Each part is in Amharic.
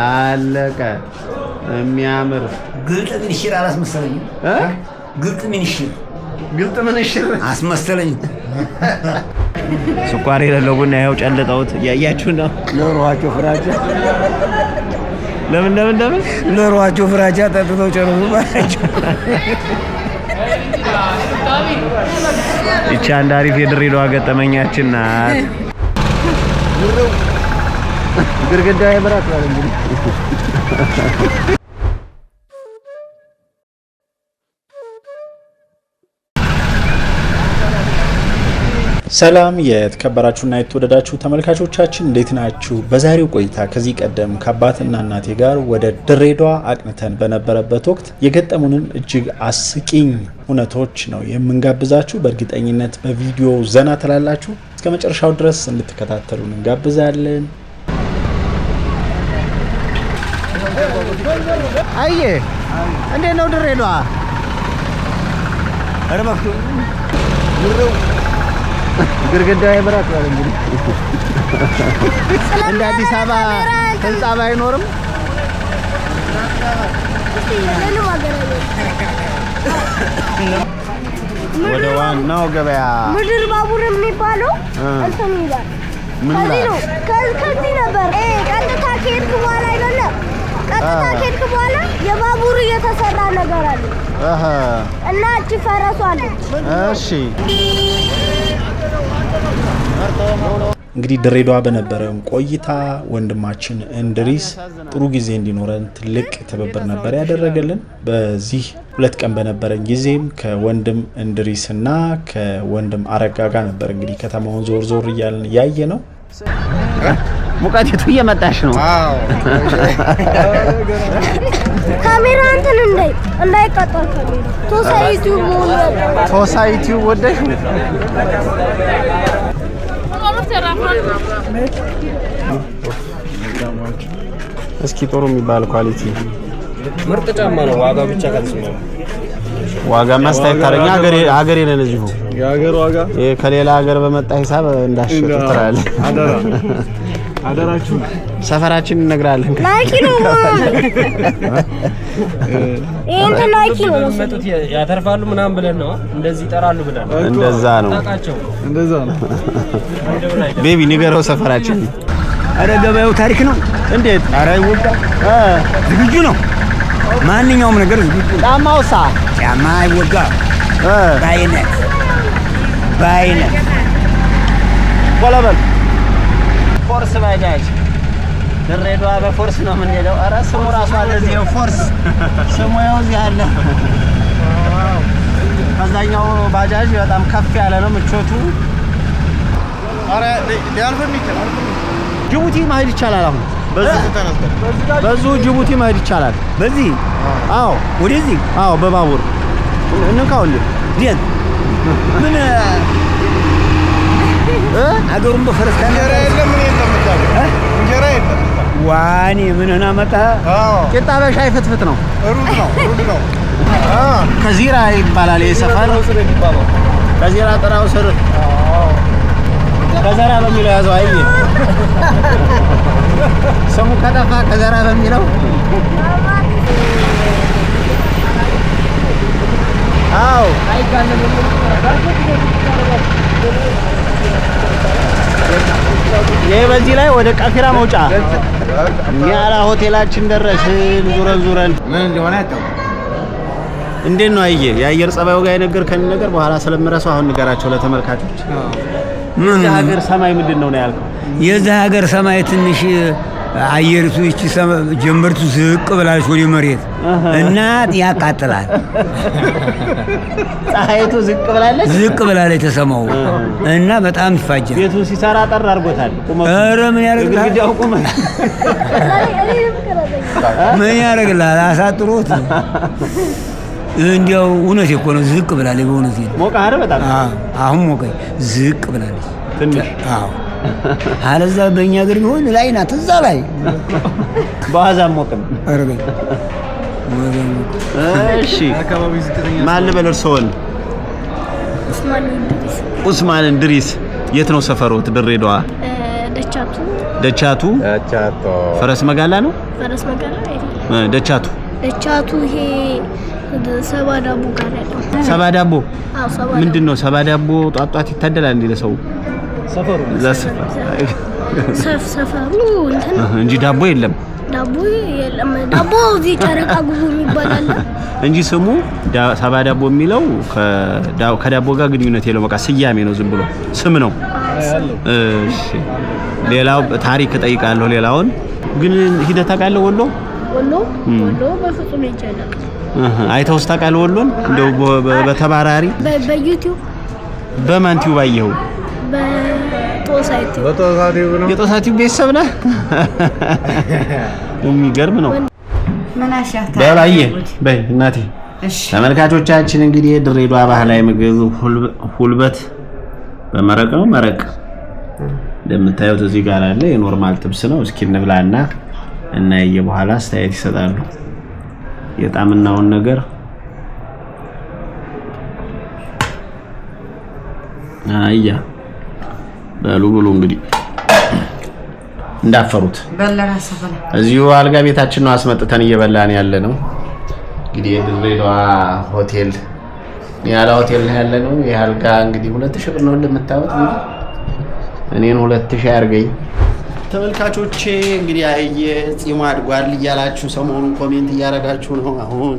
አለቀ። የሚያምር ግልጥ ምንሽር አላስመሰለኝ። ግልጥ ምንሽር ግልጥ ምንሽር አስመሰለኝ። ስኳር የሌለው ቡና ይኸው ጨልጠውት እያያችሁ ነው። ለኑሯቸው ፍራቻ ለምን ለምን ለምን ለኑሯቸው ፍራቻ ጠጥተው ጨርሱ ባላቸው። ይቺ አንድ አሪፍ የድሬዳዋ ገጠመኛችን ናት። ግርግዳ ያምራት ማለት እንግዲህ ሰላም የተከበራችሁና የተወደዳችሁ ተመልካቾቻችን እንዴት ናችሁ? በዛሬው ቆይታ ከዚህ ቀደም ከአባትና እናቴ ጋር ወደ ድሬዳዋ አቅንተን በነበረበት ወቅት የገጠሙንን እጅግ አስቂኝ እውነቶች ነው የምንጋብዛችሁ። በእርግጠኝነት በቪዲዮ ዘና ትላላችሁ። እስከ መጨረሻው ድረስ እንድትከታተሉን እንጋብዛለን። አዬ እንዴት ነው ድሬዳዋ? ኧረ እባክህ ግድግዳ የብራት ያለ እንግዲህ እንደ አዲስ አበባ ህንጻ ባይኖርም ወደ ዋናው ገበያ ምድር ባቡር የሚባለው እንትን ይላል። ከዚህ ነበር ቀጥታ ከሄድኩ በኋላ ቀጥታ ከሄድክ በኋላ የባቡር እየተሰራ ነገር አለ እና እቺ ፈረሱ አለች። እሺ እንግዲህ ድሬዳዋ በነበረን ቆይታ ወንድማችን እንድሪስ ጥሩ ጊዜ እንዲኖረን ትልቅ ትብብር ነበር ያደረገልን። በዚህ ሁለት ቀን በነበረን ጊዜም ከወንድም እና ከወንድም አረጋ ጋር ነበር እንግዲህ ከተማውን ዞር ዞር እያልን ያየ ነው። ሙቀቴቱ እየመጣሽ ነው። አዎ ካሜራ እንትን እንዳይ እንዳይቀጣል ሶሳይቲው ወደሽ እስኪ ጥሩ የሚባል ኳሊቲ ምርጥ ጫማ ነው። ዋጋ ብቻ ካልስ ነው ዋጋ ማስተያየት ታደርጊ። ሀገሬ ሀገሬ ለልጅ ነው የሀገር ዋጋ ከሌላ ሀገር በመጣ ሂሳብ እንዳሽ እንዳሸጥ ትላለህ። አደራችሁ ሰፈራችን እነግራለን። ላይክ ነው ማለት እንት ላይክ ነው ያተርፋሉ ምናምን ብለን ነው እንደዚህ ይጠራሉ ብለን እንደዛ ነው እንደዛ ነው። ቤቢ ንገረው ሰፈራችን። አረ ገበያው ታሪክ ነው። እንዴት አረ ይወጣ ዝግጁ ነው። ማንኛውም ነገር ዝግጁ ጫማው ሳ ጫማ ይወጋ ባይነት ባይነት ቆለበል ፎርስ ባጃጅ ድሬዳዋ በፎርስ ነው የምንሄደው። ኧረ ስሙ ራሱ አለ እዚህ ፎርስ ስሙ ያው እዚህ አለ። ከዛኛው ባጃጅ በጣም ከፍ ያለ ነው ምቾቱ። ጅቡቲ መሄድ ይቻላል አሁን በዙ ጅቡቲ መሄድ ይቻላል። በዚህ አዎ፣ ወደዚህ አዎ፣ በባቡር እንካው እንዴ ምን አገሩን በፈረስ እንጀራ የለም እንጀራ የለም። ዋኔ ምንህን አመጣህ? ቂጣ በሻይ ፍትፍት ነው፣ ሩዝ ነው፣ ሩዝ ነው። ከዚራ ይባላል የሰፈር ከዚራ ጥራው ስር ከዘራ በሚለው ያዘው። አይ ስሙ ከጠፋ ከዘራ በሚለው አዎ ይህ በዚህ ላይ ወደ ቀፊራ መውጫ ኒያላ ሆቴላችን ደረስን። ዙረን ዙረን ምን እንደሆነ እንዴት ነው አየ የአየር ጸባዩ ጋር የነገርከን ነገር በኋላ ስለምረሳው አሁን ንገራቸው ለተመልካቾች። የዚህ ሀገር ሰማይ ምንድን ነው ነው ያልከው? የዚህ ሀገር ሰማይ ትንሽ አየርቱ ይቺ ጀምርቱ ዝቅ ብላለች ወደ መሬት እና ያቃጥላል። ፀሐይቱ ዝቅ ብላለች ዝቅ ብላለች ተሰማው እና በጣም ይፋጃል። ቤቱ ሲሰራ ጠር አድርጎታል። ኧረ ምን ያደርግልሃል? ምን ያደርግልሃል? አሳጥሮት እንዲያው እውነት እኮ ነው። ዝቅ ብላለች በእውነት ሞቃ በጣም አሁን ሞቀኝ። ዝቅ ብላለች ትንሽ አለዛ በእኛ ሀገር ቢሆን ላይ ናት እዛ ላይ በዋዛ ሞቅም አረበኝ እሺ፣ ማን ልበል? እርስዎን ኡስማን እንድሪስ። የት ነው ሰፈሮት? ድሬዳዋ ደቻቱ። ደቻቱ ደቻቱ ፈረስ መጋላ ነው። ፈረስ መጋላ ደቻቱ ደቻቱ ይሄ ሰባ ዳቦ ጋር ያለው ሰባ ዳቦ ምንድን ነው? ሰባ ዳቦ ጧጧት ይታደላል እንደ ለሰው ሰፈሩ እንጂ ዳቦ የለም፣ ዳቦ የለም። ዳቦ እዚህ ጨረቃ ጉዞ ይባላል እንጂ ስሙ ሰባ ዳቦ የሚለው ከዳቦ ጋር ግንኙነት የለው። በቃ ስያሜ ነው፣ ዝም ብሎ ስም ነው። እሺ፣ ሌላው ታሪክ እጠይቃለሁ። ሌላውን ግን ሂደህ ታውቃለህ? ወሎ ወሎ ታውቃለህ? ወሎን እንደው በተባራሪ በዩቲዩብ በማን ቲዩብ አየኸው? የጦሳቲው ቤተሰብ ነህ። የሚገርም ነው። በላዬ በይ እናቴ። ተመልካቾቻችን እንግዲህ ድሬዳዋ ባህላዊ ምግብ ሁልበት በመረቅ ነው። መረቅ እንደምታዩት እዚህ ጋር አለ። የኖርማል ጥብስ ነው። እስኪ እንብላና እናየ በኋላ አስተያየት ይሰጣሉ። የጣምናውን ነገር አያ በሉ ብሉ እንግዲህ እንዳፈሩት እዚሁ አልጋ ቤታችን ነው አስመጥተን እየበላን ያለ ነው። እንግዲህ የድሬዳዋ ሆቴል ያለ ሆቴል ነው ያለ ነው። ይህ አልጋ እንግዲህ ሁለት ሺህ ብር ነው እንደምታዩት። እኔን ሁለት ሺህ አድርገኝ ተመልካቾቼ። እንግዲህ አየ ጺሙ አድጓል እያላችሁ ሰሞኑን ኮሜንት እያደረጋችሁ ነው። አሁን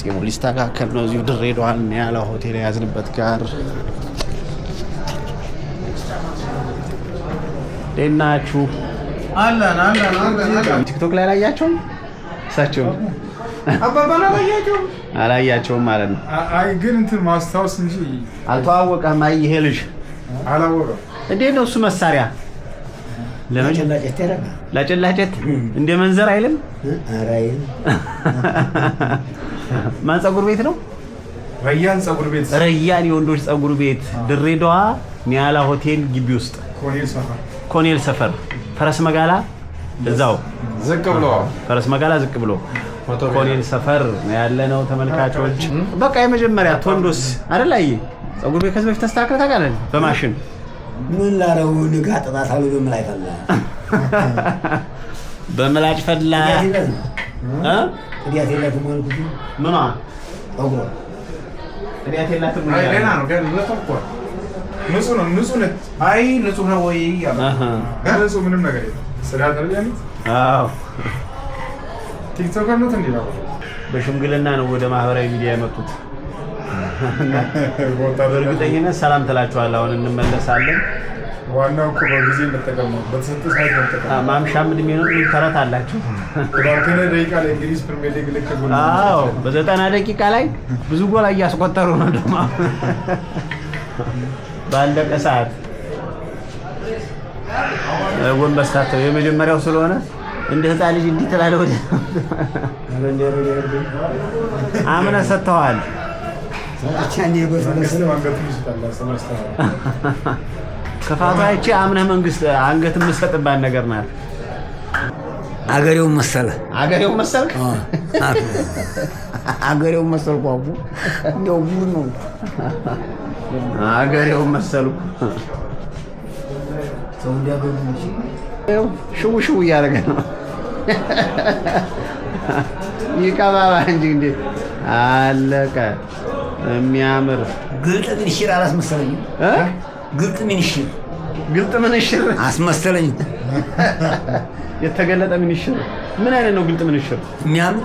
ጺሙ ሊስተካከል ነው። እዚሁ ድሬዳዋ ያለ ሆቴል የያዝንበት ጋር እንዴት ናችሁ? ቲክቶክ ላይ አላያቸውም፣ እሳቸውም አባባን አላያቸውም አላያቸውም ማለት ነው። አይ ግን እንትን ማስታወስ እንጂ አልተዋወቀም። አይ ይሄ ልጅ አላወቀም። እንዴት ነው እሱ መሳሪያ ላጨላጨት እንደ መንዘር አይልም። ማን ፀጉር ቤት ነው? ረያን ፀጉር ቤት፣ ረያን የወንዶች ፀጉር ቤት ድሬዳዋ ኒያላ ሆቴል ግቢ ውስጥ ኮኔል ሰፈር ፈረስ መጋላ እዛው ዝቅ ብሎ ፈረስ መጋላ ዝቅ ብሎ ኮኔል ሰፈር ያለ ነው። ተመልካቾች በቃ የመጀመሪያ ቶንዶስ አይደል? አይ ጸጉር ቤት ከዚህ በፊት ተስተካክለ ታውቃለህ? በማሽን ምን ላረው ንጋ ጠጣታሉ በምላጭ ፈላ በምላጭ ፈላ እ ቅዲያት የላትም ምኗ ጸጉሯ ቅዲያት የላትም ንጹህ ነው። ንጹህ ነህ። አይ ንጹህ ነው ወይ እያለ ንጹህ ምንም ነገር የለም። ስራ ደረጃ ነው። አዎ ቲክቶከር ነው። እንዴ በሽምግልና ነው ወደ ማህበራዊ ሚዲያ የመጡት። በእርግጠኝነት ሰላም ትላችኋል። አሁን እንመለሳለን። ዋናው እኮ በጊዜ መጠቀም ነው። በተሰጠ ሰዓት መጠቀም ማምሻም እድሜ ነው። ምን ተረት አላችሁ? ባርከነ ደቂቃ ላይ እንግሊዝ ፕሪሚየር ሊግ ልክ ጎል። አዎ በዘጠና ደቂቃ ላይ ብዙ ጎል እያስቆጠሩ ነው ደግሞ ባለቀ ሰዓት ጎንበስ ታተው የመጀመሪያው ስለሆነ እንደ ህፃን ልጅ እንዲህ ትላለህ። ወደ አምነህ ሰጥተዋል። ክፋቷ ይቺ አምነህ መንግስት አንገት የምሰጥባት ነገር ናት። አገሬው መሰለ አገሬው መሰለ አገሬው መሰልኩ አቡ እንደው ጉድ ነው። አገሬው መሰልኩ ሽው ሽው እያደረገ ነው። ይቀባባ እንጂ እንዴት አለቀ። የሚያምር ግልጥ ምንሽር አላስመሰለኝም። ግልጥ ምን ሽር ግልጥ ምን ሽር አስመሰለኝ። የተገለጠ ምን ሽር ምን አይነት ነው? ግልጥ ምን ሽር የሚያምር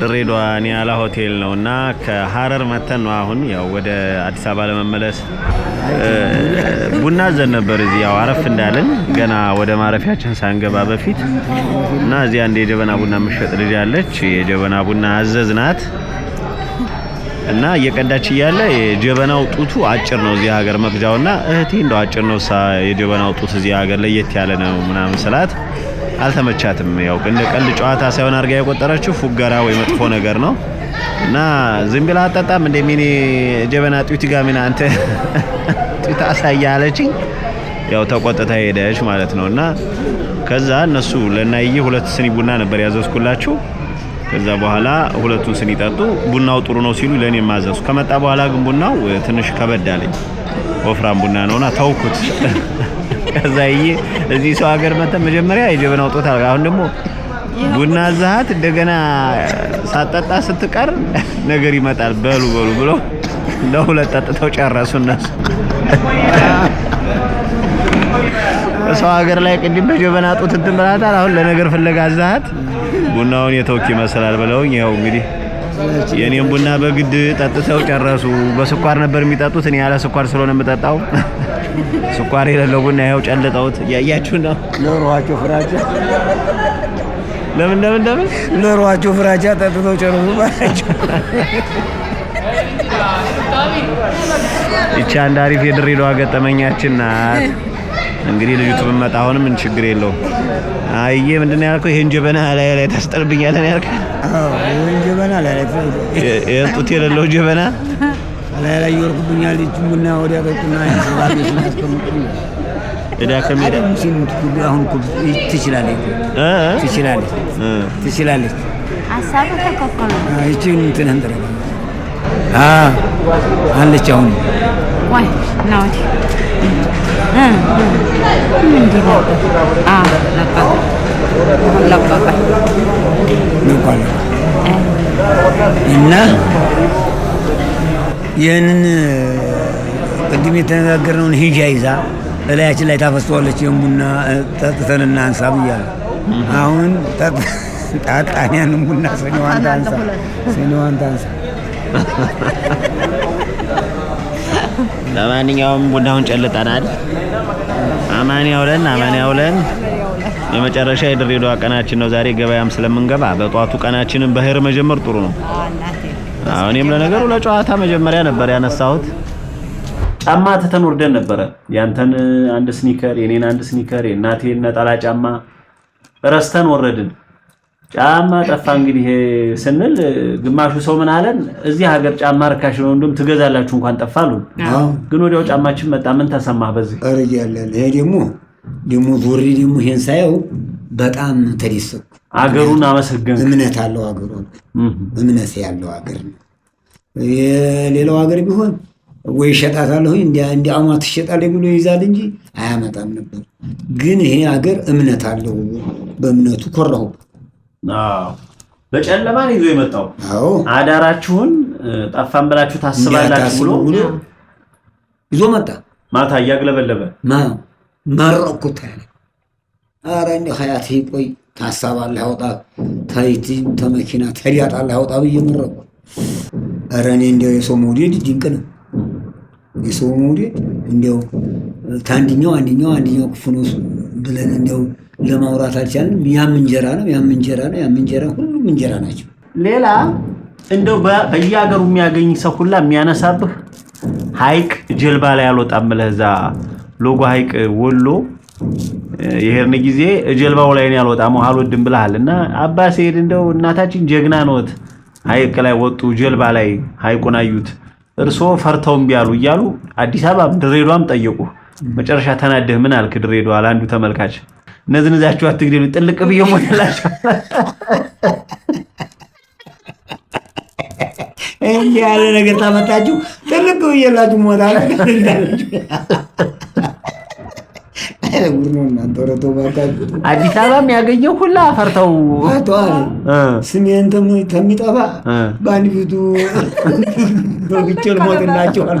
ድሬዳዋ ኒያላ ሆቴል ነው እና ከሀረር መተን ነው አሁን ያው ወደ አዲስ አበባ ለመመለስ ቡና ዘን ነበር እዚህ ያው አረፍ እንዳለን ገና ወደ ማረፊያችን ሳንገባ በፊት እና እዚህ አንድ የጀበና ቡና የምትሸጥ ልጅ አለች። የጀበና ቡና አዘዝናት እና እየቀዳች እያለ የጀበናው ጡቱ አጭር ነው እዚህ ሀገር መቅጃውና፣ እህቴ እንደው አጭር ነው የጀበናው ጡት እዚህ ሀገር ለየት ያለ ነው ምናምን ስላት አልተመቻትም። ያው እንደ ቀልድ ጨዋታ ሳይሆን አድርጋ የቆጠረችው ፉገራ ወይ መጥፎ ነገር ነው እና ዝም ብላ አጠጣም እንደ ሚኒ ጀበና ጡት ጋሚና አንተ ጡት አሳያለችኝ። ያው ተቆጥታ ሄደች ማለት ነው እና ከዛ እነሱ ለእናዬ ሁለት ስኒ ቡና ነበር ያዘዝኩላችሁ። ከዛ በኋላ ሁለቱን ስኒ ጠጡ። ቡናው ጥሩ ነው ሲሉ ለእኔ ማዘዝኩ። ከመጣ በኋላ ግን ቡናው ትንሽ ከበድ አለኝ። ወፍራም ቡና ነውና ተውኩት። ከዛዬ እዚህ ሰው ሀገር መተን መጀመሪያ የጀበና አውጦታል። አሁን ደግሞ ቡና ዛሃት እንደገና ሳጠጣ ስትቀር ነገር ይመጣል። በሉ በሉ ብሎ ለሁለት ጠጥተው ጨረሱ እነሱ። ሰው ሀገር ላይ ቅድም በጀበና ጡት እንትን ብላታል። አሁን ለነገር ፍለጋ ዛሃት ቡናውን የተውክ ይመስላል ብለውኝ ይኸው እንግዲህ የኔም ቡና በግድ ጠጥተው ጨረሱ። በስኳር ነበር የሚጠጡት፣ እኔ ያለ ስኳር ስለሆነ የምጠጣው ስኳር የሌለው ቡና ይኸው ጨልጠውት እያያችሁ ነው። ለኑሯቸው ፍራቻ ለምን ለምን ለምን ለኑሯቸው ፍራቻ ጠጥተው ጨረሱ ባላቸው። ይቺ አንድ አሪፍ የድሬዳዋ ገጠመኛችን ናት። እንግዲህ ልጅቱ ብመጣ አሁንም ችግር የለውም። አየ ምንድን ነው ያልከው? ይሄን ጀበና ላይ ላይ ታስጠርብኛለህ ነው ያልከው? አዎ ይሄን ጀበና ላይ ላይ የጡት የሌለው ጀበና ላይ ላይ ይወርቁብኛል። እቺ ቡና ወዲያ ጠጡና እዳ ከሜዳ አሁን ኩብ ትችላለች እ ትችላለች አ አለች አሁን ወይ እና ይህንን ቅድም የተነጋገርነውን ሂጃ ይዛ እላያችን ላይ ታፈስተዋለች። የቡና ጠጥተን እናንሳ ብያለሁ። አሁን ጣጣንያንን ቡና ሰኔዋን ታንሳ ሰኔዋን ታንሳ ለማንኛውም ቡናውን ጨልጠናል። አማን ያውለን፣ አማን ያውለን። የመጨረሻ የድሬዳዋ ቀናችን ነው ዛሬ። ገበያም ስለምንገባ በጧቱ ቀናችንን በህር መጀመር ጥሩ ነው። እኔም ለነገሩ ለጨዋታ መጀመሪያ ነበር ያነሳሁት። ጫማ ትተን ወርደን ነበረ። ያንተን አንድ ስኒከር፣ የኔን አንድ ስኒከር፣ የእናቴን ነጠላ ጫማ ረስተን ወረድን። ጫማ ጠፋ እንግዲህ ስንል ግማሹ ሰው ምን አለን፣ እዚህ ሀገር ጫማ ርካሽ ነው፣ እንደውም ትገዛላችሁ እንኳን ጠፋ አሉ። ግን ወዲያው ጫማችን መጣ። ምን ተሰማህ በዚህ እርያለ። ይሄ ደግሞ ደግሞ ዞሬ ደግሞ ይሄን ሳየው በጣም ተደሰኩ። አገሩን አመሰገን። እምነት አለው አገሩ እምነት ያለው አገር ነው። የሌላው ሀገር ቢሆን ወይ እሸጣታለሁኝ እንዲህ አማ ትሸጣለች ብሎ ይይዛል እንጂ አያመጣም ነበር። ግን ይሄ ሀገር እምነት አለው። በእምነቱ ኮራሁበት በጨለማ ነው ይዞ የመጣው አዳራችሁን ጠፋን ብላችሁ ታስባላችሁ ብሎ ይዞ መጣ። ማታ እያግለበለበ መረቅኩት ያለ ኧረ እንዲያው ሀያት ቆይ ታሳባለ አውጣ ታይቲ ተመኪና ተዲያጣለህ አውጣ ብዬ መረቁ። ኧረ እኔ እንዲያው የሰው መውደድ ድንቅ ነው። የሰው መውደድ እንዲያው ታንድኛው አንድኛው አንድኛው ክፉ ብለን እንዲያው ለማውራት አልቻልንም። ያም እንጀራ ነው፣ ያም እንጀራ ነው፣ ያም እንጀራ ሁሉም እንጀራ ናቸው። ሌላ እንደው በየሀገሩ የሚያገኝ ሰው ሁላ የሚያነሳብህ ሀይቅ ጀልባ ላይ አልወጣም ብለህ እዛ ሎጎ ሀይቅ ወሎ የሄድን ጊዜ ጀልባው ላይ ነው ያልወጣም አልወድም ብለሃል እና አባ ሲሄድ እንደው እናታችን ጀግና ነት ሀይቅ ላይ ወጡ፣ ጀልባ ላይ ሀይቁን አዩት፣ እርስዎ ፈርተው እምቢ አሉ እያሉ አዲስ አበባ ድሬዷም ጠየቁ። መጨረሻ ተናደህ ምን አልክ? ድሬዷ ለአንዱ ተመልካች እነዚህ ነዚያችሁ አትግደሉ፣ ጥልቅ ብዬ ሞትላቸው። እንዲህ ያለ ነገር ታመጣችሁ፣ ጥልቅ ብዬላችሁ ሞታለሁ። አዲስ አበባም ያገኘው ሁላ ፈርተው ስሜን ከሚጠፋ በአንድ ፊቱ በግጭል ሞትላችኋል።